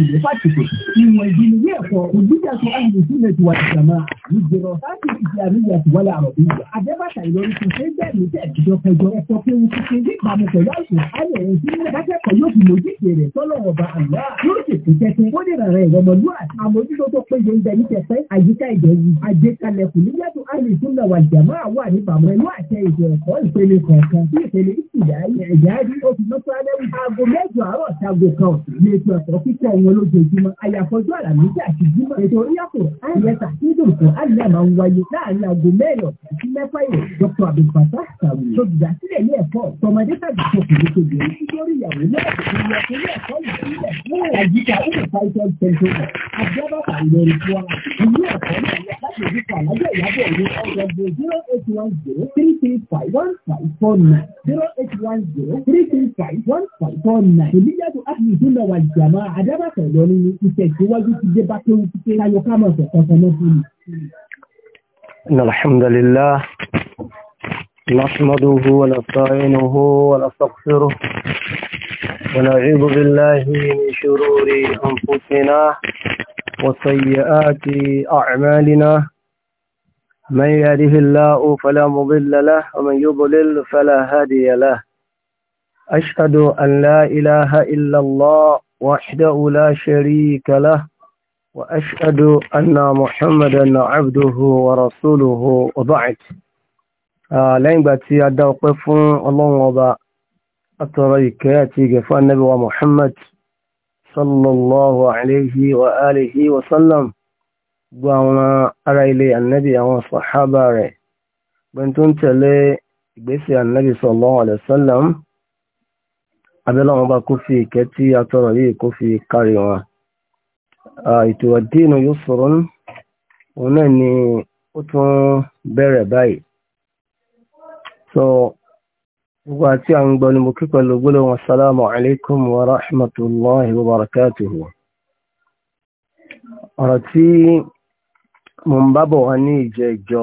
الفاتحة المدينية وجودة أهل السنة والجماعة للدراسات الإسلامية والعربية عجبة إلوري سنسيدة لتأكيد وفجر وفجر وفجر بمقرأة القرآن السنة بكى قيوم مجيئة صلى الله عليه وسلم lókè tó jẹ́ pé ó nira rẹ̀ rọmọlúwà àmójútó tó péye ń bẹ ní tẹ̀sẹ̀ àyíká ìdẹ̀wù àgbékalẹ̀kùn níyàtọ̀ àlùsùnà wà jàmọ́ àwọn àníbàmọ́ pẹ̀lú àṣẹ ètò ẹ̀kọ́ ìpele kọ̀ọ̀kan sí ìpele ìsìyà ẹ̀yà rí oṣù mọ́tò alẹ́ wù. aago mẹ́jọ àárọ̀ ṣàgò kan lè tó ẹ̀kọ́ kíkọ́ wọn wọn lójoojúmọ́ àyàfọ́jú àlàmísì àti jímọ̀ ètò oríyàpò àyẹ̀sà nídùn fún àlùyà máa ń wáyé láàrin aago mẹ́rin ọ̀sán sí mẹ́fà ìrọ̀ dr abdulfata sàwù ṣòdùdà sílẹ̀ ní ẹ̀kọ́ tọmọdé tàbí tọkùnrin tóbi nítorí ìyàwó náà ìyẹn fún ilé ẹ̀kọ́ ìbílẹ̀ fún àyíká ìlú title center àjẹbàbà ìlọrin fún wa ìlú ẹ̀kọ́ náà láti ìdíkọ̀ alájọ ìyàbọ̀ ní ọ̀dọ̀ zero eight one zero three three five one five four nine zero eight one zero three three five one five four nine ìlú yàtọ̀ àti ìdúnlọ̀wà ìjàmá àjẹbàbà إن الحمد لله ìgbéwájú نحمده ونستعينه ونستغفره ونعوذ بالله من شرور أنفسنا وسيئات أعمالنا من يهده الله فلا مضل له ومن يضلل فلا هادي له أشهد أن لا إله إلا الله وحده لا شريك له وأشهد أن محمدا عبده ورسوله وبعد لين باتي أدوقف الله وبا أتريك ياتي قفا النبي ومحمد صلى الله عليه وآله وسلم وما أرى لي النبي وصحابه بنتون تلي بيسي النبي صلى الله عليه وسلم abẹ́lọ́wọ́n bá kó fi ìkẹ́ tí a tọrọ yìí kó fi kárí wọn ètò àdínà yóò sọ̀rọ̀ òun náà ni ó tún bẹ̀rẹ̀ báyìí so gbogbo àti àwọn gbọ́ ni mo kí pẹ̀lú gbólóhùn assalamu alaikum wa rahmatullahi wa barakatuhu ọ̀rọ̀ tí mo ń bábọ̀ wá ní ìjẹ́ ìjọ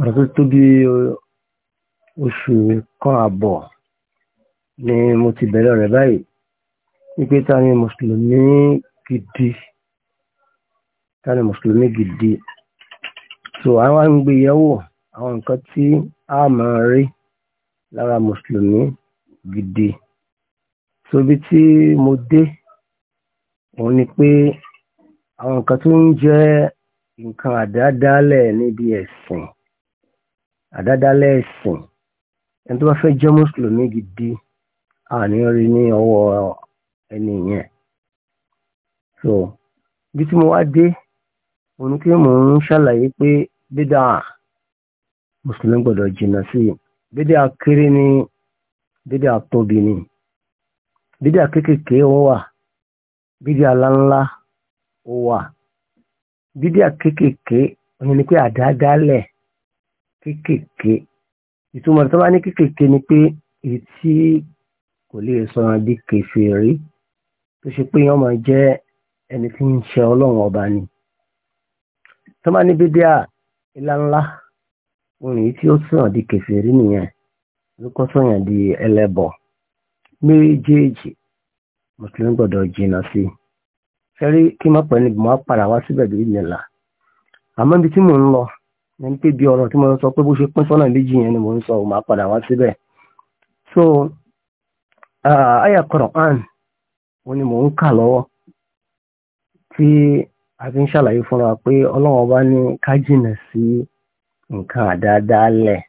ọ̀rọ̀ tó tóbi oṣù kan àbọ̀ ni mo ti bẹ̀rẹ̀ rẹ̀ báyìí wípé ta ni mùsùlùmí gidi ta ni mùsùlùmí gidi so àwọn ń gbé yẹ̀wò àwọn nǹkan tí a máa rí lára mùsùlùmí gidi so ibi tí mo dé òun ni pé àwọn nǹkan tó ń jẹ́ nǹkan àdádálẹ̀ níbi ẹ̀sìn àdádálẹ̀ ẹ̀sìn ẹni tó bá fẹ́ jẹ́ mùsùlùmí gidi àní rí ní ọwọ́ ẹni yẹn so bí tí mo wá dé òun kí mò ń ṣàlàyé pé bídà mùsùlùmí gbọ́dọ̀ jìnnà sí bídà kéré ní bídà tóbi ni bídà kékèké ó wà bídà láńlá ó wà bídà kékèké òun ni pé àdádálẹ̀ kékèké ìtumọ̀ tó bá ní kékèké ni pé èyí tí kò lè sọra di kèfèrí tó ṣe pé yọ́n máa jẹ́ ẹni tí ń ṣe ọlọ́run ọba ni tó bá ní bíbí à ilá ńlá orin tí ó sọ̀rọ̀ di kèfèrí nìyẹn ló kọ́ sọ̀yàn di ẹlẹ́bọ méjèèjì mùsùlùmí gbọ́dọ̀ jìnnà sí i fẹ́rí kí má pẹ́ níbi máa padà wá síbẹ̀ bí ìnìlà àmọ́ ibi tí mò ń lọ ní pé bí ọ̀rọ̀ tí mo sọ pé bó ṣe pín sọ́nà méjì yẹn ni mò ń sọ ò máa padà wá síbẹ̀ so Ah, aya Qur'an wọ́n ni mò ń kà lọ́wọ́ tí a fi ń ṣàlàyé fúnra pé ọlọ́wọ́ bá ní ká jìnà sí nǹkan àdáadáa lẹ̀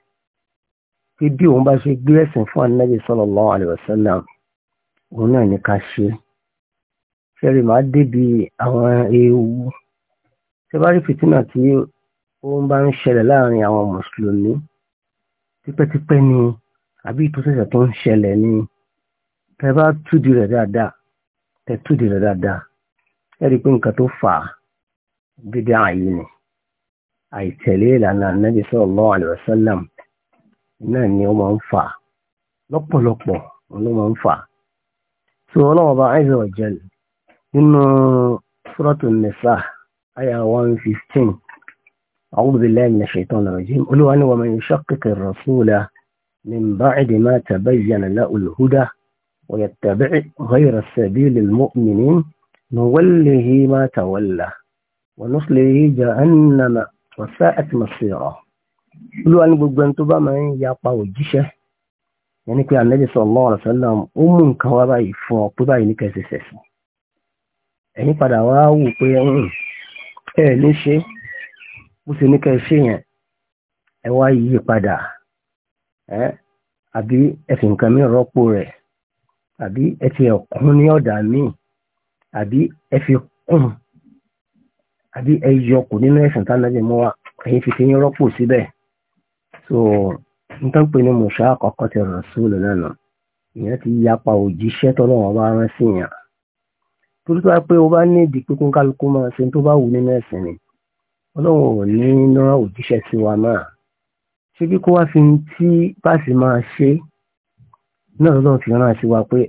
pé bí òun bá ṣe gbé ẹ̀sìn fún anábì sallallahu alaihi wasallam òun náà ní ká ṣe ṣẹ́rí máa débi àwọn ewu ṣe bá rí fìtínà tí ó bá ń ṣẹlẹ̀ láàrin àwọn mùsùlùmí tipẹ́tipẹ́ ni àbí ìtòsẹ̀sẹ̀ tó ń ṣẹlẹ̀ ni tẹ bá túdi rẹ̀ dáadáa tẹ túdi rẹ̀ dáadáa ẹ rí i pé nǹkan tó fà á bídá àyè ni àìtẹ̀lé ìlànà ànábì sallallahu alaihi wasallam náà ni ó máa ń fà á lọ́pọ̀lọpọ̀ ló máa ń fà á. tí ọlọ́wọ́ bá azza wa jal nínú suratu nisa àyà one fifteen a'udhu billahi minash shaitani rajim olúwa ni wa man yushaqiqi rasula min ba'di ma tabayyana lahu al-huda. ويتبع غير سبيل المؤمنين نوله ما تولى ونصله جهنم وساءت مصيره ló wà ní gbogbo ẹni tó bá máa ń yapa òjíṣẹ́ yẹn ni pé Ànábì sallallahu alaihi wasallam ó mú nǹkan wá báyìí fún ọ pé báyìí ní kẹsì sẹ̀sìn ẹ̀yin padà wá wò pé hmm, ẹ àbí ẹ fi ẹ̀kún ní ọ̀dà míì àbí ẹ fi kún àbí ẹ yọ kù nínú ẹ̀sìn tánàbí mọ́ wa ẹ̀yìn fi fi yín rọ́pò síbẹ̀ so n tó ń pè ní mùsà àkọ́kọ́ ti ràn sóòlù náà nà ìyẹn ti yapa òjíṣẹ́ tọ́lọ́wọ́n bá rán sí yàn torí tó bá pé o bá ní ìdí pé kálukú máa ṣe tó bá wù nínú ẹ̀sìn ni ọlọ́run ò ní rán òjíṣẹ́ sí wa náà ṣé bí wá fi tí bá sì máa ṣe é náà lọ́nà ti rán àṣìwà pé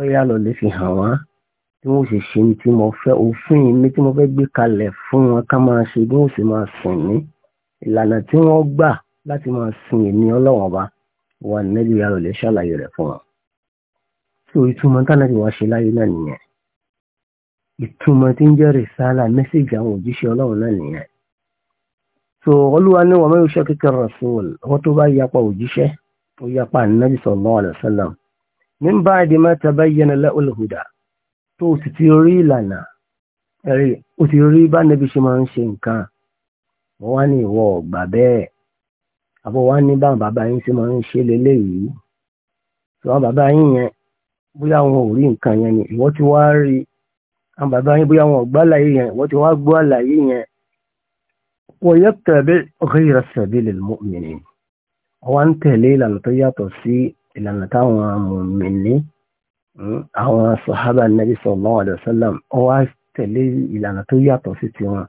ọ̀yà lọ lè fi hàn wá tí wọ́n sì ṣe tí mo fẹ́ òfin mi tí mo fẹ́ gbé kalẹ̀ fún wọn ká máa ṣe bí wọ́n sì máa sìn mí ìlànà tí wọ́n gbà láti máa sin èmi ọlọ́wọ́n ọba wà nílùú ìyá rẹ̀ ṣàlàyé rẹ̀ fún wọn. tí o ìtumọ̀ tánà ti wá ṣe láyé náà nìyẹn ìtumọ̀ tí ń jẹ́ rìsálà mẹ́sẹ̀gì àwọn òjíṣẹ́ ọlọ́run náà nìyẹn. so olúwa ní wàmẹ́yọ̀ṣẹ́ kékeré rasul wọ́n tó bá yapa òjíṣẹ́ tó yapa ànábì sallallahu alaihi wasallam min ba'di ma tabayyana lahul huda tó sì ti rí ìlànà ẹ̀rí ó ti rí bá nẹ́bí ṣe máa ń ṣe nǹkan wọ́n wá ní ìwọ ọ̀gbà bẹ́ẹ̀ àbọ̀ wá ní báwọn bàbá yín ṣe máa ń ṣe leléyìí tí wọ́n bàbá yín yẹn bóyá wọn ò rí nǹkan yẹn ni ìwọ ti wá rí àwọn bàbá yín bóyá wọn ò gbọ́ àlàyé yẹn ìwọ ti wá gbọ́ àlàyé yẹn wa yattabi ghayra sabilil mu'minin wá ń tẹ̀lé ìlànà tó yàtọ̀ sí ìlànà táwọn mùmìnì hmm, àwọn sọ̀hábà nàbí sallallahu alaihi wasallam wá tẹ̀lé ìlànà tó yàtọ̀ sí tiwọn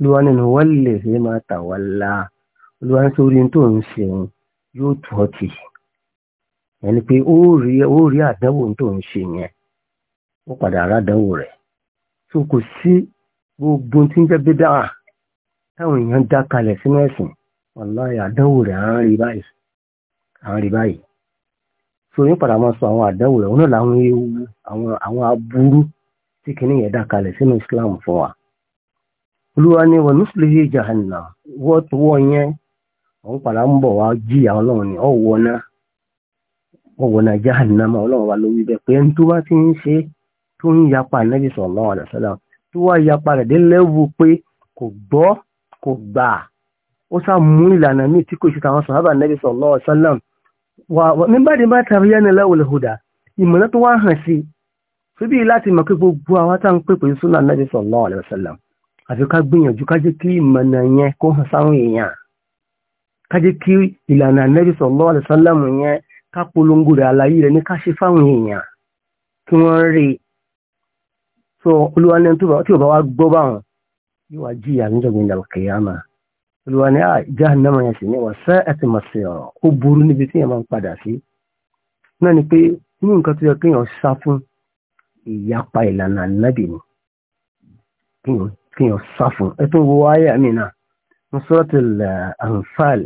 olúwa nínú wọ́lẹ̀ ṣe máa tà wá la olúwa ń sórí tó ń ṣeun yóò tù ọ́ tì ẹni pé ó rí àdánwò tó ń ṣe yẹn ó padà rádánwò rẹ̀ tó kò sí gbogbo tí ń jẹ́ bídà táwọn èèyàn dá kalẹ̀ sínú ẹ̀sìn wàláì àdánwò rẹ̀ à ń rí báyìí à ń rí báyìí so yóò padà máa sọ àwọn àdánwò rẹ̀ òun na làwọn ewu àwọn àwọn aburú tí yẹn dá kalẹ̀ sínú Islam fún wa olúwa ni wọn jahanna wọ́n tó wọ́ yẹn òun padà ń bọ̀ wá jí àwọn ọlọ́run ni ọ̀wọ́ náà ọ̀wọ́ náà ọlọ́run wa bẹ́ẹ̀ pé tó bá ti ń ṣe tó ń ó sá mú ìlànà míì tí kò ṣe tàwọn sàhábà nẹ́bí sallallahu alaihi wasallam nígbà tí bá tàbí yẹn nílẹ̀ olùhùdà ìmọ̀lẹ́ tó wá hàn sí síbí láti mọ̀ pé gbogbo àwọn tá à ń pè pé súnà nẹ́bí sallallahu alaihi wasallam àfi ká gbìyànjú ká jẹ́ kí ìmọ̀nà yẹn kó hàn sáwọn èèyàn ká jẹ́ kí ìlànà nẹ́bí sallallahu alaihi yẹn ká polongo rẹ̀ àlàyé rẹ̀ ní ká ṣe fáwọn èèyàn kí wọ́n rí so olúwa ní tí ò bá wá gbọ́ olùwà ní ah, jahannama yẹn sì ní wọ́n sẹ́ ẹ̀tì mọ̀sí ọ̀rọ̀ ó burú níbi tí yẹn máa ń padà sí náà ni pé nínú nǹkan tó yẹ kéèyàn sá fún ìyapa ìlànà ànábì ni kéèyàn sá fún ẹ tó ń wo àyà mi náà ní suratul Anfal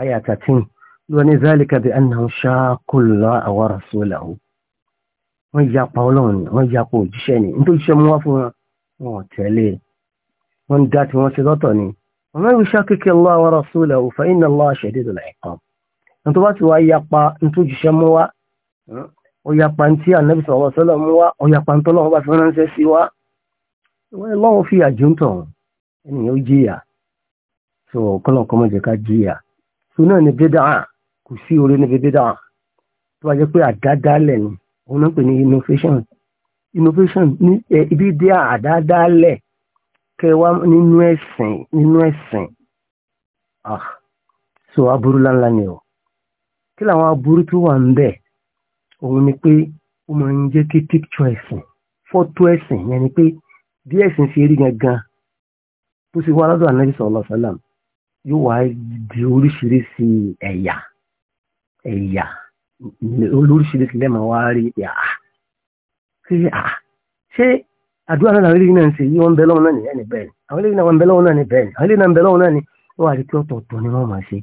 àyà thirteen olùwà ní zalika bi annahum shaqqu Allaha wa rasulahu wọ́n yapa ọlọ́run ni wọ́n yapa òjíṣẹ́ ni nítorí iṣẹ́ mú wá fún wọn wọn ò e. wọn dá tí wọ́n ṣe lọ́tọ̀ ni. ومن يشاكك الله ورسوله فإن الله شديد العقاب انتو باتي ويقبا انتو جشموا ويقبا انتي النبي صلى الله عليه وسلم ويقبا انتو الله بفنان سيسوا والله في أجنتهم يعني يجيا so kọ́lọ̀ kọ́mọ jẹ́ so náà ni bídáà kò sí orí níbi bídáà tó innovation innovation ibi kẹwàá nínú ẹ̀sìn nínú ẹ̀sìn ah so aburú láńlá ni o kí làwọn aburú tó wà ń bẹ òun ni pé ó máa ń jẹ́ kí píkṣọ ẹ̀sìn fọ́tò ẹ̀sìn yẹn ni pé bí ẹ̀sìn ṣe rí gangan bó ṣe wá lọ́dọ̀ ànábì sallallahu alaihi wasallam yóò wá di oríṣiríṣi ẹ̀yà ẹ̀yà olóríṣiríṣi lẹ́mọ̀ wá rí ẹ̀yà ah, ṣé ah, àdúrà náà làwọn eléyìí náà ń ṣe yí wọn bẹ lọ́wọ́ náà ní ẹni bẹ́ẹ̀ ni àwọn eléyìí náà wọn bẹ lọ́wọ́ náà ní bẹ́ẹ̀ ni àwọn eléyìí náà ń bẹ lọ́wọ́ náà ní wọ́n ni wọ́n máa ṣe.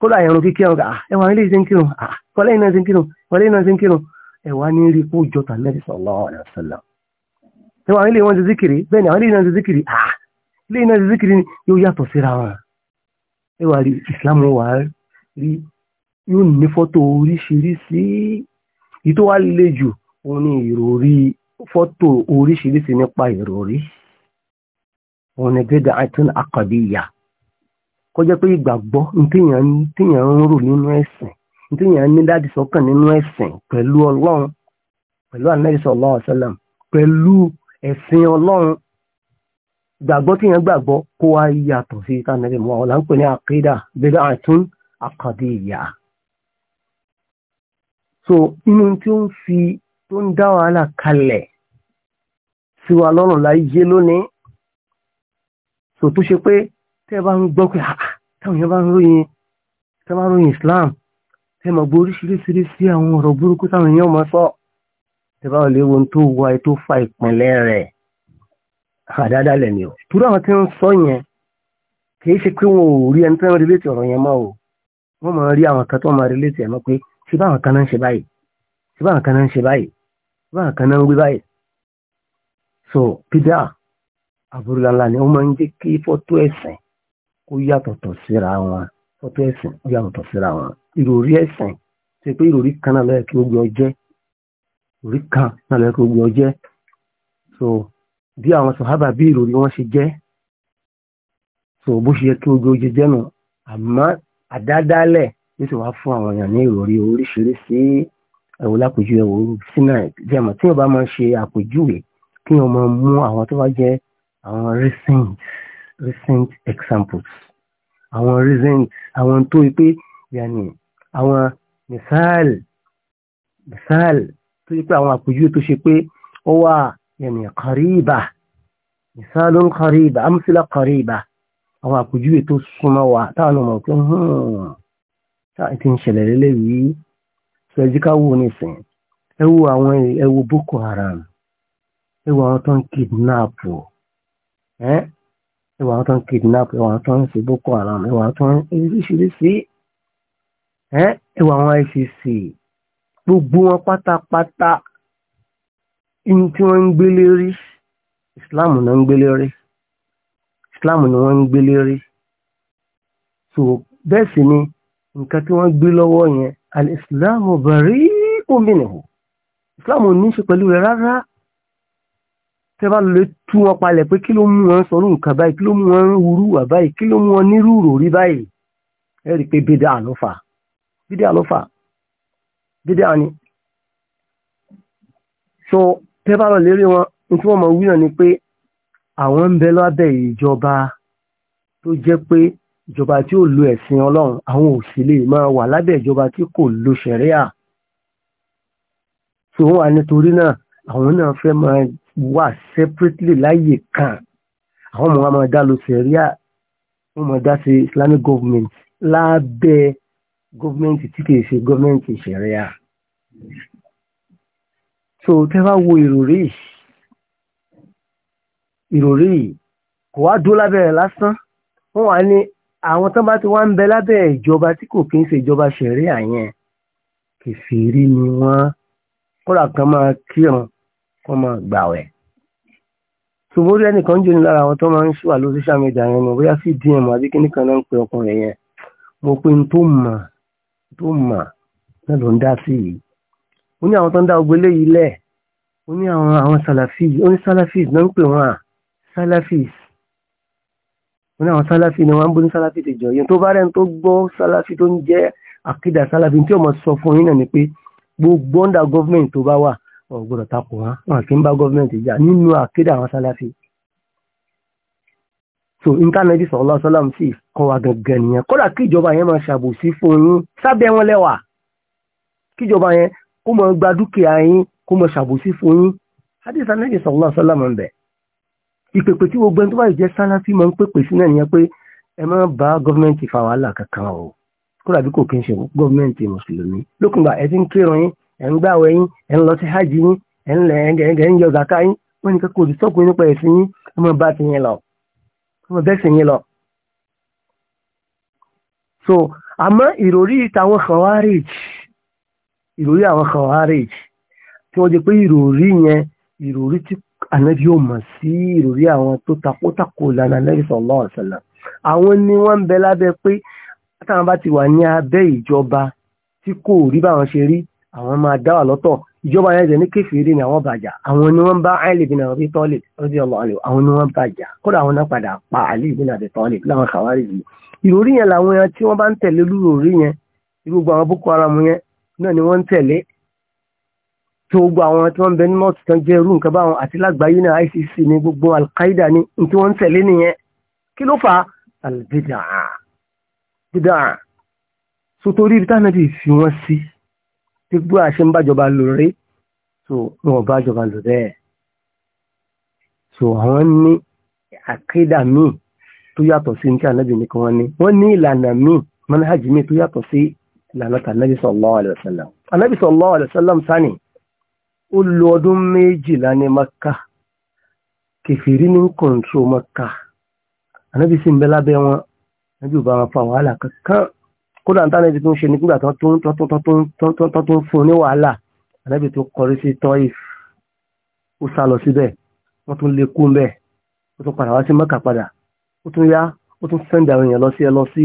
kódà ẹ̀rùn kíkí àwọn ah, ẹ̀wọ̀n eléyìí ṣe ń kírun ah, wọlé iná ṣe ń kírun wọlé iná ṣe ń kírun ẹ̀wà ní rí kó sallallahu alaihi wasallam. ẹ̀wọ̀n eléyìí wọ́n ṣe zikiri bẹ́ẹ̀ ni àwọn eléyìí náà ṣe zikiri ah eléyìí náà ṣe zikiri yóò yàtọ̀ síra wọn. ẹ̀wà rí Islam wà rí yóò ní fọ́tò oríṣiríṣi ìtọ́wálejò òun ni ìròrí Foto oríṣiríṣi nípa ìròrí wọn ni bídà àtún àkàdíyà kó jẹ́ pé ìgbàgbọ́ tíyàn ń rò nínú ẹ̀sìn tíyàn ní dáàdì sọ́kàn nínú ẹ̀sìn pẹ̀lú ọlọ́run pẹ̀lú Ànábì sallallahu alaihi pẹ̀lú ẹ̀sìn ọlọ́run gbàgbọ́ tíyàn gbàgbọ́ kó wá yàtọ̀ sí tánàbí mọ́ ọ̀la ń pè ní àkídà so inú tí ó ń fi tó ń dá sí wa lọ́rùn láyé lónìí so tó ṣe pé tẹ́ bá ń gbọ́ pé ah, ah, táwọn èèyàn Islam tẹ́ mọ̀ gbọ́ oríṣiríṣiríṣi àwọn ọ̀rọ̀ burúkú táwọn èèyàn mọ̀ sọ tẹ́ bá lè wo ohun tó wà tó fa ìpínlẹ̀ rẹ̀ àdáadáa lẹ́ni o torí àwọn tí ń sọ yẹn kì í ṣe pé wọn ò rí ẹni tó ń relate ọ̀rọ̀ yẹn mọ́ o wọ́n máa rí àwọn kan tó máa relate ẹ̀ mọ́ pé ṣé báwọn kan náà ń ṣe báyìí ṣé báwọn kan náà ń ṣe báyìí ṣé báwọn kan náà ń gbé báyìí so bídà àbúrúlálà ni ó máa ń jẹ́ kí fọ́tò ẹ̀sìn kó yàtọ̀tọ̀ síra wọn fọ́tò ẹ̀sìn kó yàtọ̀tọ̀ síra wọn ìròrí ẹ̀sìn ṣe pé ìròrí kan náà lọ́yẹ̀ kí ó gbé ọjẹ́ ìròrí kan náà lọ́yẹ̀ kí ó gbé ọjẹ́ so bí àwọn sọ̀hábà bí ìròrí wọn ṣe jẹ́ so bó ṣe yẹ kí ó gbé ọjẹ́ jẹ́ nù àmọ́ àdádálẹ̀ ló sì wá fún àwọn èèyàn ní ìròrí oríṣiríṣi ẹ̀wò lápèjúwe ẹ̀wò sínú jẹ́mọ̀ tí wọ́n bá máa ṣe àpèjúwe kí wọ́n máa mú àwọn tó bá jẹ́ àwọn recent recent examples àwọn recent àwọn tó yẹ pé yàní àwọn misal misal tó yẹ pé àwọn àpèjúwe tó ṣe pé ó wà yàní kàríìbà misalun kàríìbà amsila kàríìbà àwọn àpèjúwe tó súnmọ́ wa táwọn ọmọ pé táà hmm, ti ń ṣẹlẹ̀ lélẹ́yìí sọ ẹjíká wò nísìnyí ẹ wo àwọn ẹ wo Boko Haram ẹwà àwọn tó ń kidnap ẹ ẹwà àwọn tó kidnap ẹwà àwọn tó ń ṣe boko haram ẹwà àwọn tó ń oríṣiríṣi ẹ ẹwà àwọn ICC gbogbo wọn pátápátá ní tí wọ́n ń gbélé rí Islam náà ń gbélé rí Islam ni wọ́n ń gbélé rí so bẹ́ẹ̀ sì ni nǹkan tí wọ́n gbé lọ́wọ́ yẹn al-Islamu bari'un minhu Islam ò ní í ṣe pẹ̀lú rẹ̀ rárá tẹ́bá lè tú wọn palẹ̀ pé kí ló mú wọn sọ̀rọ̀ nǹkan báyìí kí ló mú wọn wúrú wà báyìí kí ló mú wọn nírú ròrí báyìí ẹ rí i pé bídà ló fà bídà ló fà bídà so tẹ́bá lọ lérí wọn tí wọ́n mọ̀ wí náà ni pé àwọn ń bẹ lábẹ́ ìjọba tó jẹ́ pé ìjọba tí ò lo ẹ̀sìn ọlọ́run àwọn ò sì lè máa wà lábẹ́ ìjọba tí kò lo ṣẹ̀ríà. so wọn wà nítorí náà àwọn náà fẹ́ máa wà separately láyè kan àwọn ọmọ wa máa dá lo sẹ̀ríà wọ́n máa dá sí islamic government lábẹ́ gọ́ọ̀mẹ́ntì tí kìí ṣe gọ́ọ̀mẹ́ntì sẹ̀ríà. so tẹ́ bá wo ìròrí ìròrí kò wá dúró lábẹ́ rẹ̀ lásán wọ́n wà ní àwọn tán bá ti wá ń bẹ lábẹ́ ìjọba tí kò kí ń ṣe ìjọba sẹ̀ríà yẹn kìfìrí ni wọ́n kóra kan máa kírun wọ́n máa gbàwẹ̀ ṣùgbọ́n ẹnìkan ń jóni lára àwọn tó máa ń ṣùwà lórí social media yẹn mọ̀ bóyá sí dm àbí kíní kan náà ń pe ọkùnrin yẹn mo pe n tó mà tó mà náà ló ń dá sí yìí ó ní àwọn tó ń dá ogbó eléyìí lẹ̀ ó ní àwọn àwọn salafis ó ní salafis náà ń pè wọ́n à salafis ó ní àwọn salafis ni wọ́n ń bó ní salafis ti jọ yẹn tó bá rẹ̀ tó gbọ́ salafis tó ń jẹ́ àkídà salafis tí ó mọ̀ sọ fún yín náà ni pé gbogbo under government tó bá wà ọ̀gbọ́dọ̀ takò wọn wọn kì í bá gọ́ọ̀mẹ̀ntì jà nínú àkédà àwọn sálàfí so intanẹti sọlá sọlá sí kọ́ wa gangan nìyẹn kódà kí ìjọba yẹn máa ṣàbòsí fún yín sábẹ́ wọn lẹ́wà kí ìjọba yẹn kó máa gba dúkìá yín kó máa ṣàbòsí fún yín hadith anẹti sọlá sọlá máa ń bẹ ìpèpè tí gbogbo ẹni tó bá jẹ sálàfí máa pèpè sí náà nìyẹn pé ẹ má bá gọ́ọ̀mẹ̀ntì fa wàhálà kankan o kódà bí kò kí n ṣe gọ́ọ̀mẹ̀ntì mùsùlùmí lókùngbà ẹ ti ń kírun yín ẹ̀ ń gbà wẹ̀ yín ẹ̀ ń lọ sí hajj yín ẹ̀ ń lẹ̀ ẹ̀ ń yọ zaka yín wọ́n ní kẹ́kọ̀ọ́ òdìsọ́kùn nípa ẹ̀sìn yín ẹ̀ bá ti yín lọ ẹ̀ mọ̀ bẹ́sìn yín lọ. so àmọ́ ìròrí ìtàwọn khawarij ìròrí àwọn khawarij tí wọ́n jẹ pé ìròrí yẹn ìròrí tí ànábì yóò mọ̀ sí ìròrí àwọn tó takótakò lànà ànábì sallallahu alaihi àwọn ni wọ́n ń bẹ lábẹ́ pé táwọn bá ti wà ní abẹ́ ìjọba tí kò rí báwọn ṣe rí àwọn máa dá wà lọ́tọ̀ ìjọba yẹn jẹ́ ní kèfèrí ni àwọn bàjá àwọn ni wọ́n bá Ali bin Abi Talib radiyallahu anhu àwọn ni wọ́n bàjá kódà àwọn náà pa Ali bin Abi Talib láwọn Khawarij yìí ìròrí yẹn làwọn yẹn tí wọ́n bá ń tẹ̀lé lúròrí yẹn irúgbà àwọn Boko Haram yẹn náà ni wọ́n ń tẹ̀lé tó gbogbo àwọn tí wọ́n ń bẹ ní north tán jẹ́ irú nǹkan báwọn àti lágbàáyé náà ICC ni gbogbo Al-Qaeda ni tí wọ́n ń tẹ̀lé nìyẹn kí ló fà á al sotori ibi táwọn náà ti fi wọ́n sí tí gbọ́ àṣẹ ń bájọba lò rí so wọn bájọba lò bẹ́ẹ̀ so àwọn ní àkídà míì tó yàtọ̀ sí ní ànábì ní kan wọ́n ní wọ́n ní ìlànà míì manhaj míì tó yàtọ̀ sí ìlànà tànábì sallallahu alaihi wasallam ànábì sallallahu alaihi wasallam sani ó lo ọdún méjìlá ní maka kẹfìrí ní kọ̀ǹtró maka ànábì sì ń bẹ lábẹ́ wọn ànábì ò bá wọn fa wàhálà kankan kódà ń tánà ti tún ṣe nígbà tó tó ń fún ní wàhálà ànábì tó kọrí sí tọ́ìf ó sá lọ síbẹ̀ wọ́n tún lè kú mbẹ̀ ó tún padà wá sí padà ó tún yá ó tún èèyàn lọ sí ẹ lọ sí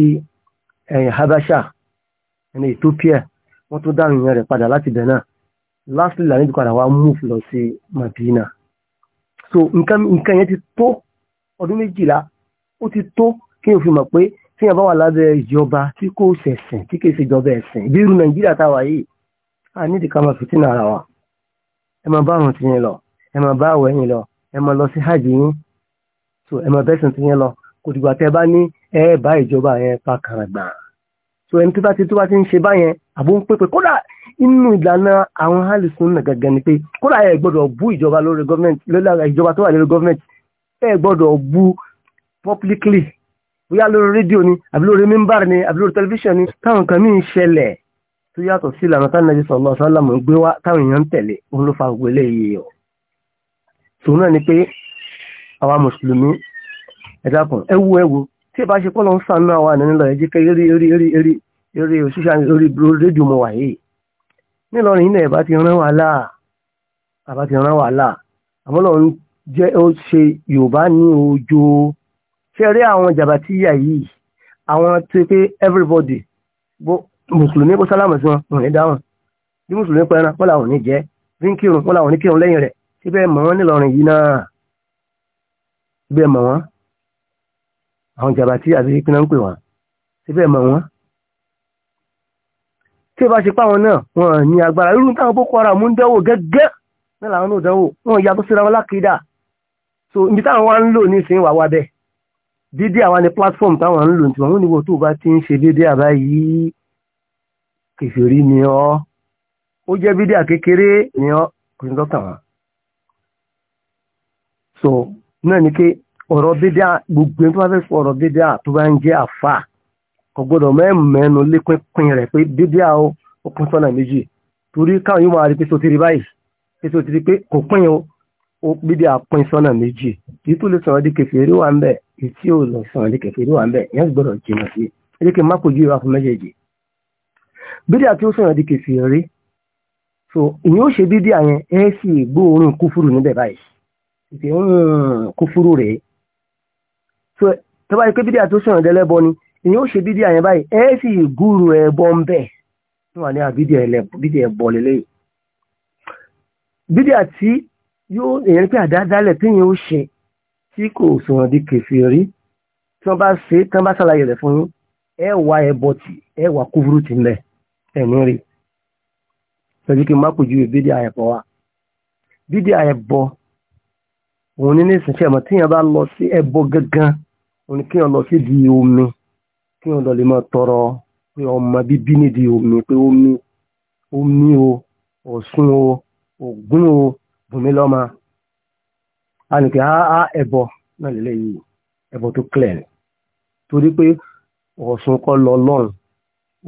ẹ̀yìn eh, habasha ẹni ethiopia wọ́n tún dá èèyàn rẹ̀ padà láti bẹ̀ náà lastly lànà ìdíkọ̀ àdàwà lọ sí madina so nǹkan yẹn ti tó ọdún méjìlá ó ti tó kí n mọ̀ pé tí ẹ bá wà lábẹ́ ìjọba tí kò ṣẹ̀sìn tí kìí ṣe ìjọba ẹ̀sìn bí irú nàìjíríà táwa yìí a nídìí ká máa fìtínà ara wa ẹ máa bá àrùn tiyín lọ ẹ máa bá àwọ̀ ẹ̀yìn lọ ẹ máa lọ sí hajj yín so ẹ máa bẹ́sìn tiyín lọ kò dìgbà tẹ bá ní ẹ bá ìjọba yẹn pa kàràgbà so ẹni tó bá ti tó bá ti ń ṣe báyẹn àbó ń pépè kódà inú ìlànà àwọn alùsùn náà gẹ́gẹ́ ni pé kódà ẹ gbọ́dọ̀ bú ìjọba lórí gọ́ọ̀mẹ̀ntì lórí ìjọba tó wà lórí gọ́ọ̀mẹ̀ntì ẹ gbọ́dọ̀ bú publicly bóyá lórí rédíò ni àbí lórí mímbàrì ni àbí lórí tẹlifíṣàn ni táwọn kan míì ṣẹlẹ̀ tó yàtọ̀ sí ìlànà táwọn nàbí sallallahu alaihi wasallam ń gbé wá táwọn èèyàn ń tẹ̀lé òun ló fa gbogbo eléyìí o. tòun náà ni pé àwa mùsùlùmí ẹ dákun ẹ wo ẹ wo tí ẹ bá ṣe pọ́lọ́ ń sànú àwa ànání lọ ẹ jẹ́ kẹ́ eré eré eré eré eré òṣìṣẹ́ orí rédíò mọ̀ wáyé nílọrin ilẹ̀ ìbá ti rán wàhálà àbá ti rán wàhálà àmọ́ lọ́run jẹ́ ó ṣe Yorùbá ní ọjọ́ ṣe rí àwọn jàbàtíyà yìí àwọn tó pé everybody bó mùsùlùmí bó sálámù sí wọn wọn ní dáhùn bí mùsùlùmí pẹ́ ẹran wọ́n làwọn ní jẹ́ bí ń kírun wọ́n làwọn ní kírun lẹ́yìn rẹ̀ síbẹ̀ mọ̀ wọ́n nílọrin yìí náà síbẹ̀ mọ̀ wọ́n àwọn jàbàtíyà bí pín náà ń pè wọ́n síbẹ̀ mọ̀ wọ́n tí bá ṣe páwọn náà wọn ní agbára irú táwọn boko haram ń dánwò gẹ́gẹ́ náà làwọn náà dánwò wọn yàtọ̀ síra wọn lákìdá so ibi táwọn wá ń lò nísìnyí wà wá bẹ́ẹ̀ dédé àwọn ni platform táwọn ń lò tí wọ́n níwò tó bá ti ń ṣe dédé àbá yìí ni ọ́ ó jẹ́ bídé àkékeré ni ọ́ kò ní dọ́kà wọn. so náà ni pé ọ̀rọ̀ bídé gbogbo ẹni tó bá fẹ́ fọ ọ̀rọ̀ bídé tó bá ń jẹ́ àfà kò gbọ́dọ̀ mẹ́mẹ́nu lékún rẹ̀ pé bídé ó kún sọ́nà méjì torí káwọn yóò máa rí pé so báyìí pé so pé kò pín o ó bídí àpín sọ́nà méjì tí tó lè sọ̀rọ̀ di kẹfìrí wà ń bẹ̀ tí ò lọ sọ̀rọ̀ di kẹfìrí wà ń bẹ̀ yẹn gbọ́dọ̀ jìnà sí ẹ jẹ́ má kojú ìwà fún méjèèjì bídí àti ó sọ̀rọ̀ di kẹfìrí so ìyẹn ó ṣe bídí àyẹn ẹ sì gbóòórùn kúfúrú níbẹ̀ báyìí ìpè kúfúrú rèé so tó bá yẹ pé bídí àti ó sọ̀rọ̀ dẹ́lẹ́bọ ni ìyẹn ó ṣe bídí àyẹn báyìí ẹ sì gúrù yóò èèyàn pé àdádálẹ̀ téèyàn ó ṣe tí kò sọ̀rọ̀ di kèfèrí tí wọ́n bá ṣe tí wọ́n bá ṣàlàyé rẹ̀ fún yín ẹ wà ẹbọ tì ẹ wà kúfúrú tì ńlẹ̀ ẹ̀mí rí lọ́jọ́ kí n má pòjú bídí àyẹ̀bọ wa bídí àyẹ̀bọ òun ní nísìnyí ṣe mọ̀ téèyàn bá lọ sí ẹbọ gangan òun ni kéèyàn lọ sí di omi kéèyàn lọ lè máa tọrọ pé ọmọ bíbí nídìí omi pé omi omi o Ọ̀ṣun o Ògún o bùnmi a nìkẹ́ á ẹ̀bọ náà lélẹ̀ yìí ẹ̀bọ tó clear ni torí pé kọ́ lọ lọ́run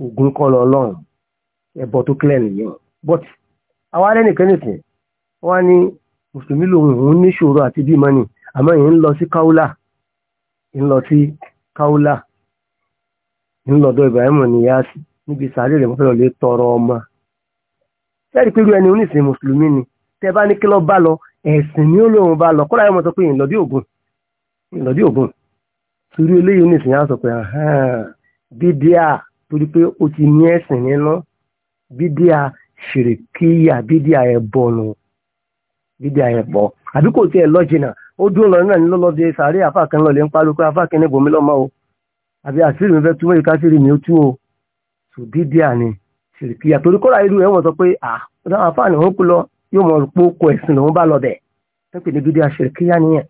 Ògún kọ́ lọ lọ́run ẹ̀bọ tó clear nìyẹn but àwa rẹ̀ nìkan ní mùsùlùmí lòun òun ni àmọ́ yìí ń lọ sí káúlà ń lọ sí káúlà ń lọ́dọ̀ Ibrahim Niyasi níbi sàárè rẹ̀ mo lè tọrọ ọmọ tẹ bá ní kí lọ bá lọ ẹ̀sìn ọrụ ó lóun bá lọ kó láyé mo sọ pé ìlọ́dí ògùn ìlọ́dí ògùn torí eléyìí ní ìsìnyá sọ pé bídíà pé ti ní ẹ̀sìn nínú bídíà ṣèrèkíyà bídíà ẹ̀bọ nù bídíà ẹ̀bọ àbí kò tiẹ̀ lọ́jìnà ó lọ náà sàárè ń pariwo pé ní bòmí lọ́mọ o àbí àṣírí mi fẹ́ o sùn bídíà ni torí irú ẹ̀ wọ́n sọ yóò mọ̀ pé ó kọ ẹ̀sìn lòun bá lọ bẹ̀ tó pè ní bídí kíyà nìyẹn.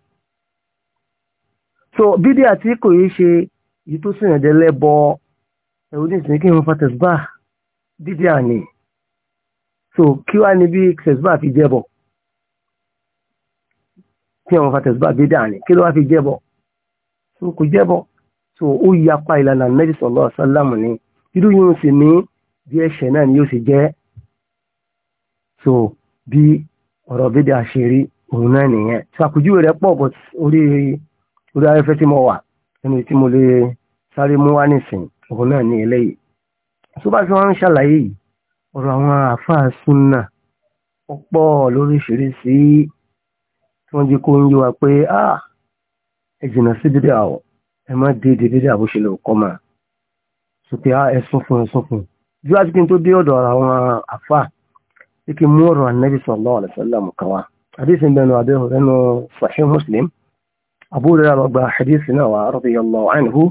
so bídí àti kò yí ṣe èyí tó sìn ẹ̀dẹ́ lẹ́bọ ẹ̀rọ ní ìsìn kí n fa tẹ̀síbà so kí wá ní bí tẹ̀síbà fi jẹ́bọ̀ kí n fa tẹ̀síbà bídí àní kí ló wá fi jẹ́bọ̀ so kò jẹ́bọ̀ so ó yapa ìlànà Ànábì sallallahu alaihi ni irú yìí sì ní bí ẹ̀ṣẹ̀ náà ni yóò sì jẹ́ so bí ọ̀rọ̀ bídí àṣírí òun náà nìyẹn ṣàpèjúwe rẹ̀ pọ̀ bọ̀ orí orí afẹ́fẹ́ tí mo wà nínú tí mo lè sáré mú wá nìsín òun náà ní eléyìí tó bá tí wọ́n ń ṣàlàyé yìí ọ̀rọ̀ àwọn àáfàá súnà ọ̀pọ̀ lóríṣiríṣi tí wọ́n jẹ́ kó ń yí wa pé ah, ẹ jìnnà sí bídí àwọ̀ ẹ má dé dé bídí àbó ṣe lè kọ́ mà sọ pé ah, ẹ̀sùn fún ẹ̀sùn fún ju àti kí n tó dé ọ̀dọ̀ àwọn àáfàá ike mú ọ̀rọ̀ anabi sallallahu alaihi wasallam kan wa hadith bẹnu adéhùn ẹnu sahih muslim abu rẹ àgbà hadith náà wa radiyallahu anhu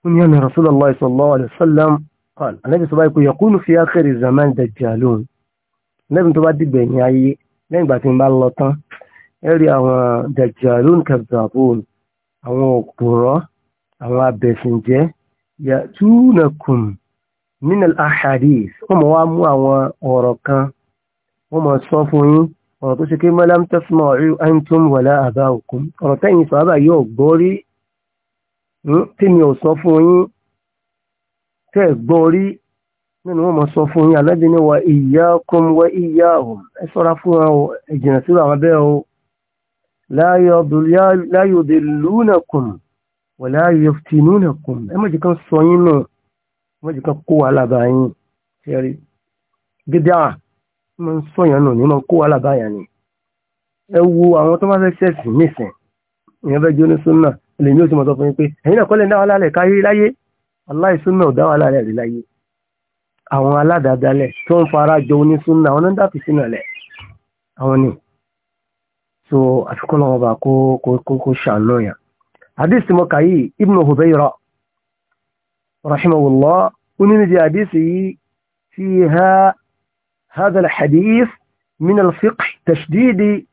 kun yana rasulullah sallallahu alaihi wasallam kan anabi sọ báyìí kò yakunu fi akhir zaman dajjalun lẹ́yìn tó bá dìgbẹ̀ ní ayé lẹ́yìn ìgbà tí n bá lọ tán ẹ rí àwọn dajjalun kadhabun àwọn òpùrọ́ àwọn min al-ahadith wọ́n mọ̀ wá mú àwọn ọ̀rọ̀ kan wọ́n mọ̀ sọ fún yín ọ̀rọ̀ tó ṣe kí malam tasma'u antum wala aba'ukum ọ̀rọ̀ tẹ́yìn sọ̀rọ̀ yóò gbọ́ rí hmm? tèmi ò sọ fún yín tẹ́ gbọ́ nínú wọn mọ̀ sọ fún yín alábi ní wa iyyakum wa iyyahum ẹ sọ́ra fún wọn o ẹ sí àwọn abẹ́ o la yudillunakum wa ẹ mọ̀ jẹ́ kan sọ yín náà mọ́jú kan kó wàhálà bá yín ṣẹ́rí gídá máa ń sọ̀yàn nù ní máa kó wàhálà bá yàn ni ẹ wo àwọn tó máa fẹ́ ṣẹ̀sì nísìn ìyẹn fẹ́ jó ní súnà lèmi ò sì mọ̀ sọ fún yín pé ẹ̀yin náà kọ́lẹ̀ ń dá wàhálà lẹ̀ káyé láyé aláìsúnà ò dá wàhálà lẹ̀ rí láyé àwọn aládàádálẹ̀ tó ń fara jọ onísúnà àwọn náà dàpì sínà àwọn ni so àfikún lọ́wọ́ bá kó kó kó ṣàánú yàn àdìsí mọ́kà yìí Ibn Hubayra rahimahullah oníbi àdísì yìí fi ha hadal hadith min alfiqh tashdidi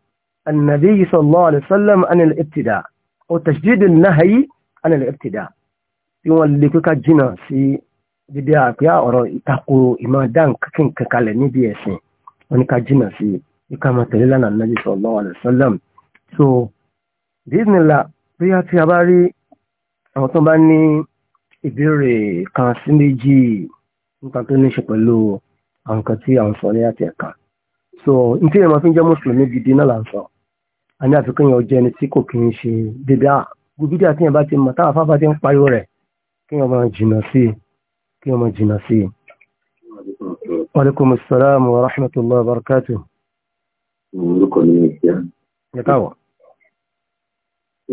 annabi sallallahu alaihi wasallam an al-ibtida o tashdidi nahayi an al-ibtida tí wọ́n lè kíkà jìnà sí dídí àpíá ọ̀rọ̀ ìtakò ìmọ̀ dán kíkín kankalẹ̀ níbi ẹ̀sìn wọ́n ní ká jìnà sí ìka máa tẹ̀lé lánàá nabi sallallahu alaihi wasallam so biznillah bí a ti a bá rí àwọn tó bá ní ìbéèrè kan sí méjì nǹkan tó ní ṣe pẹ̀lú àwọn tí à ń sọ ní àti ẹ̀ka so n tí èèyàn fi ń jẹ́ mùsùlùmí gidi náà là ń sọ a ní àfikún yẹn ọjọ́ ẹni tí kò kí ń ṣe bíbí à gbogbo àti yẹn bá ti mọ̀ táwọn afáfá ti ń pariwo rẹ̀ kí wọ́n máa jìnnà sí i kí wọ́n máa jìnnà sí i. Wàlékùmù sàlámù wa rahmatullahi wa barakatu. Orúkọ mi ni Ìṣẹ́. Ẹ káwọ̀.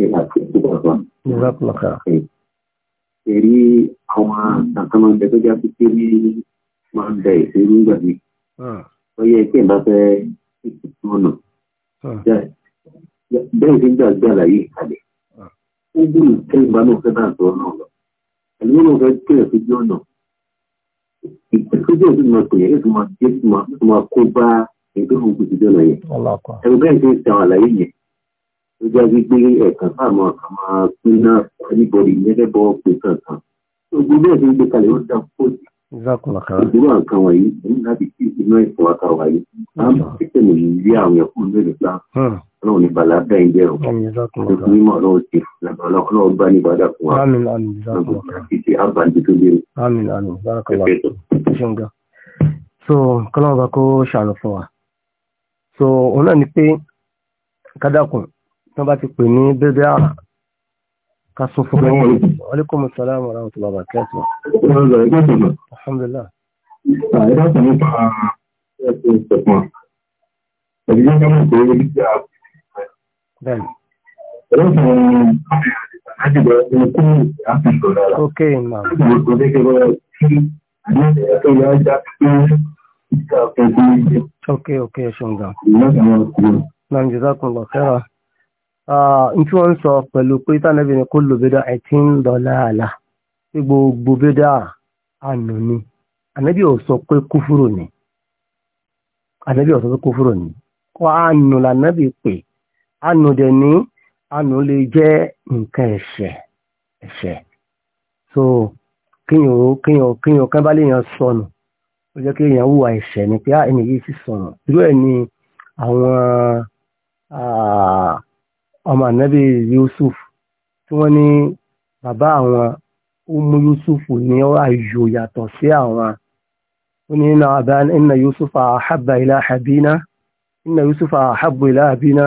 Ìlà kìí ṣe bàbá. Ìlà kìí ṣe bàbá ẹ̀rí àwọn àkàmọ̀tẹ̀ tó jásí pé ní máa ń da ìṣerú gbà mí. ó yẹ kí n bá fẹ́ ìtìtì ọ̀nà. bẹ́ẹ̀ ni gbàgbé àlàyé ìkàlẹ̀. ó gbúdọ̀ kẹ́yìn bá náà fẹ́ bá àtọ̀ náà lọ. àlùmọ́ náà fẹ́ kẹ́yìn fún jọ́ náà. ìtìtìjọ́ ìtìtì máa pè é ètò máa jẹ́ kó máa kó bá ètò òkùnkùn jọ́ náà yẹn. ẹ̀rù bẹ́ẹ̀ ni ti àwọn àlàyé yẹn tó jẹ́ wípé ẹ̀kan sáàmù kan máa pín náà anybody lẹ́lẹ́bọ̀ pé kankan gbogbo bẹ́ẹ̀ ṣe ń gbé kalẹ̀ ó dá fóònù. ìdúró nǹkan wọ̀nyí ní láti kí iná ìfọ̀ aka wáyé láàmú sísèmù yìí rí àwọn ẹ̀kọ́ mélòó gbá hmm. ọlọ́run ní bala bẹ́ẹ̀ jẹ́ o ọdún mímọ́ ọlọ́run ti ọlọ́run bá ní bàdà fún wa àti àbàǹdì tó dé. so kọ́lọ́run bá kó ṣàlọ́ fún wa so òun náà ni pé kádàkùn tán bá ti pè ní bébé àrà ká sọ fún wọn alaikum salaam wa rahmatullahi wa barakatuh alhamdulillah Bẹ́ẹ̀ni. Ok, ma'am. Ok, ok, ṣungan. Ma'am, jazakumullahu khairan. Ah, n tí wọ́n ń sọ pẹ̀lú pé tánàbí ni kullu bid'atin dalalah pé gbogbo bídà ànú ni ànábì ò sọ pé kúfúrò ni ànábì ò sọ pé kúfúrò ni kọ́ ànú lànábì pé ànú dẹ̀ ní ànú lè jẹ́ nǹkan ẹ̀ṣẹ̀ ẹ̀ṣẹ̀ so kíyàn kíyàn kíyàn kán bá lè yàn sọnù ó jẹ́ kí èèyàn hùwà ẹ̀ṣẹ̀ ni pé ah, ẹni yìí sì sọnù irú ẹ̀ ni àwọn. Ah, ọmọ ànábì Yusuf tí wọ́n ní bàbá àwọn ó mú Yusuf ní àyò yàtọ̀ sí àwọn ó ní iná àbá iná Yusuf àhábà ilá àbínà iná Yusuf àhábà ilá àbínà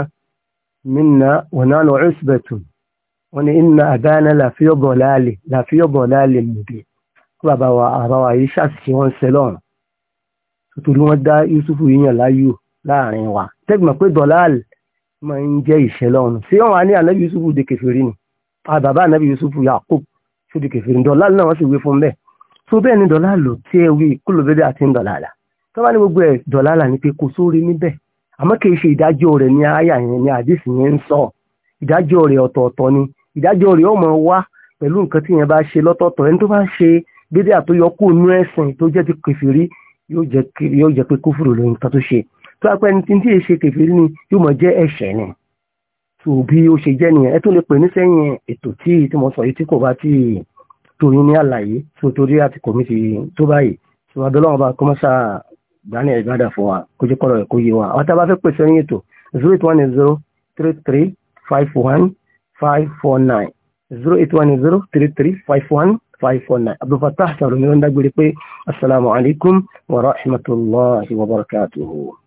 minna wọnánà ọ̀rẹ́sìbẹ̀tùn wọ́n ní iná àbá iná làfíọ́bọ̀ láàlè mùdí bàbá wa àbáwá yìí ṣàṣìṣe wọn sẹlọ́run torí wọ́n dá Yusuf yíyàn láyò wa tẹ́gbọ̀n pé dọ̀láàlì ma ń jẹ́ ìṣẹ́lọ́run sí ọ̀hún àní ànábì yusufu di kẹfìrí ni bàbá ànábì yusufu yakub ṣó di kẹfìrí dọ̀là náà wọ́n sì wé fún bẹ́ẹ̀ tó bẹ́ẹ̀ ni dọ̀là lò tí ẹ wí kúlòbẹ́dẹ́ àti ń dọ̀là àlà tó bá ní gbogbo ẹ̀ dọ̀là àlà ni pé kò sóore níbẹ̀ àmọ́ kì í ṣe ìdájọ́ rẹ̀ ní àyà yẹn ní àdìsí yẹn ń sọ ìdájọ́ rẹ̀ ọ̀tọ̀ọ̀tọ̀ ni ìdájọ́ rẹ̀ ọmọ wa pẹ̀lú nǹkan tí yẹn bá ṣe lọ́tọ̀ọ̀tọ̀ ẹni tó bá ṣe bídíà tó yọ kó nú ẹ̀sìn tó jẹ́ ti kẹfìrí yóò jẹ́ pé kófùrù lóyún kan tó ṣe tó apẹ́ ní tí èṣe kèfèrí ni yóò mọ̀ jẹ́ ẹ̀ṣẹ̀ ni tó bí ó ṣe jẹ́ nìyẹn ẹ tún lè pè ní sẹ́yìn ètò tí tí mo sọ yìí tí kò bá tí torí ní àlàyé tó torí àti kòmítì tó báyìí tó adọ́lọ́wọ́n bá kọ́mọ́sà gbani ìbádà fún wa kó jẹ́ kọ́rọ̀ ẹ̀kọ́ yé wa àwọn tá a bá fẹ́ pè sẹ́yìn ètò zero eight one zero three three five one five four nine zero eight one zero three three five one. 549 عبد الفتاح سالم يقول لك السلام عليكم ورحمة الله وبركاته